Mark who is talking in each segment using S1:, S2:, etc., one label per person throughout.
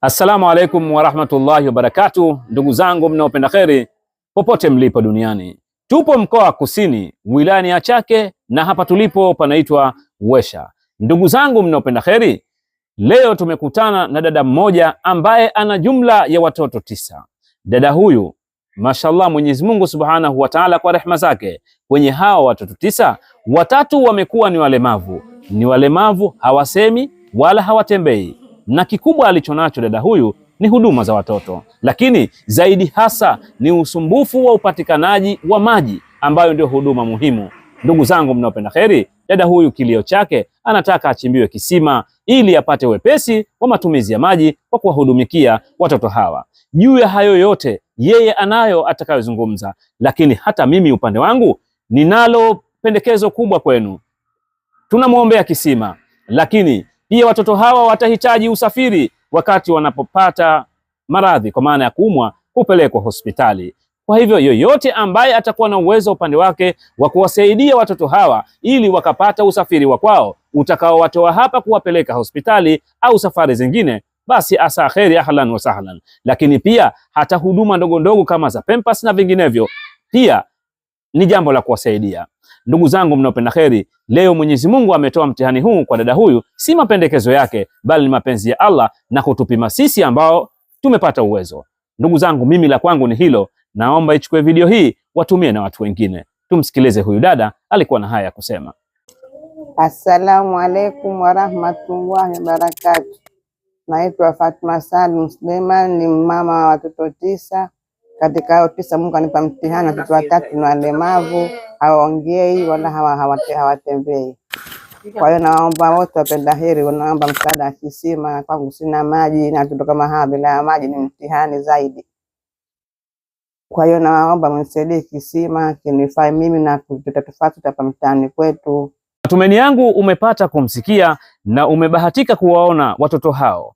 S1: Assalamu alaikum warahmatullahi barakatu ndugu zangu mnaopenda kheri popote mlipo duniani. Tupo mkoa wa Kusini wilayani ya Chake na hapa tulipo panaitwa wesha Ndugu zangu mnaopenda kheri, leo tumekutana na dada mmoja ambaye ana jumla ya watoto tisa. Dada huyu mashallah, Mwenyezi Mungu Subhanahu wa Ta'ala kwa rehma zake, kwenye hawa watoto tisa watatu wamekuwa ni walemavu, ni walemavu hawasemi wala hawatembei na kikubwa alichonacho dada huyu ni huduma za watoto, lakini zaidi hasa ni usumbufu wa upatikanaji wa maji ambayo ndio huduma muhimu. Ndugu zangu mnaopenda kheri, dada huyu kilio chake anataka achimbiwe kisima ili apate wepesi wa matumizi ya maji kwa kuwahudumikia watoto hawa. Juu ya hayo yote yeye anayo atakayozungumza, lakini hata mimi upande wangu ninalo pendekezo kubwa kwenu. Tunamwombea kisima, lakini pia watoto hawa watahitaji usafiri wakati wanapopata maradhi, kwa maana ya kuumwa, kupelekwa hospitali. Kwa hivyo yoyote ambaye atakuwa na uwezo upande wake wa kuwasaidia watoto hawa ili wakapata usafiri wa kwao utakaowatoa hapa kuwapeleka hospitali au safari zingine, basi asa kheri, ahlan wa sahlan. Lakini pia hata huduma ndogo ndogo kama za pempas na vinginevyo, pia ni jambo la kuwasaidia. Ndugu zangu mnaopenda kheri, leo Mwenyezi Mungu ametoa mtihani huu kwa dada huyu, si mapendekezo yake, bali ni mapenzi ya Allah na kutupima sisi ambao tumepata uwezo. Ndugu zangu, mimi la kwangu ni hilo. Naomba ichukue video hii watumie na watu wengine. Tumsikilize huyu dada, alikuwa na haya ya kusema.
S2: Assalamu alaikum warahmatullahi wabarakatu. Naitwa Fatma Salim Suleiman, ni mama wa watoto tisa. Katika hao tisa, Mungu anipa mtihani watoto watatu na walemavu hawaongei wala hawatembei. Kwa hiyo naomba wote wapenda heri, wanaomba msaada wa kisima. Kwangu sina maji, na vitu kama hawa bila ya maji ni mtihani zaidi. Kwa hiyo naomba mnisaidie kisima kinifai mimi na tutatufaa, hapa mtaani kwetu.
S1: Matumaini yangu umepata kumsikia na umebahatika kuwaona watoto hao.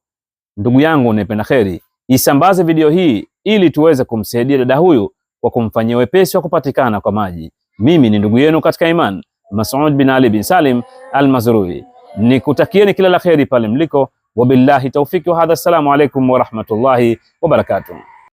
S1: Ndugu yangu unayependa heri, isambaze video hii ili tuweze kumsaidia dada huyu kwa kumfanyia wepesi wa kupatikana kwa maji. Mimi ni ndugu yenu katika iman Mas'ud bin Ali bin Salim Al-Mazrui, nikutakieni kila la kheri pale mliko. Wabillahi taufiki wa hadha. Assalamu alaikum wa rahmatullahi wa barakatuh.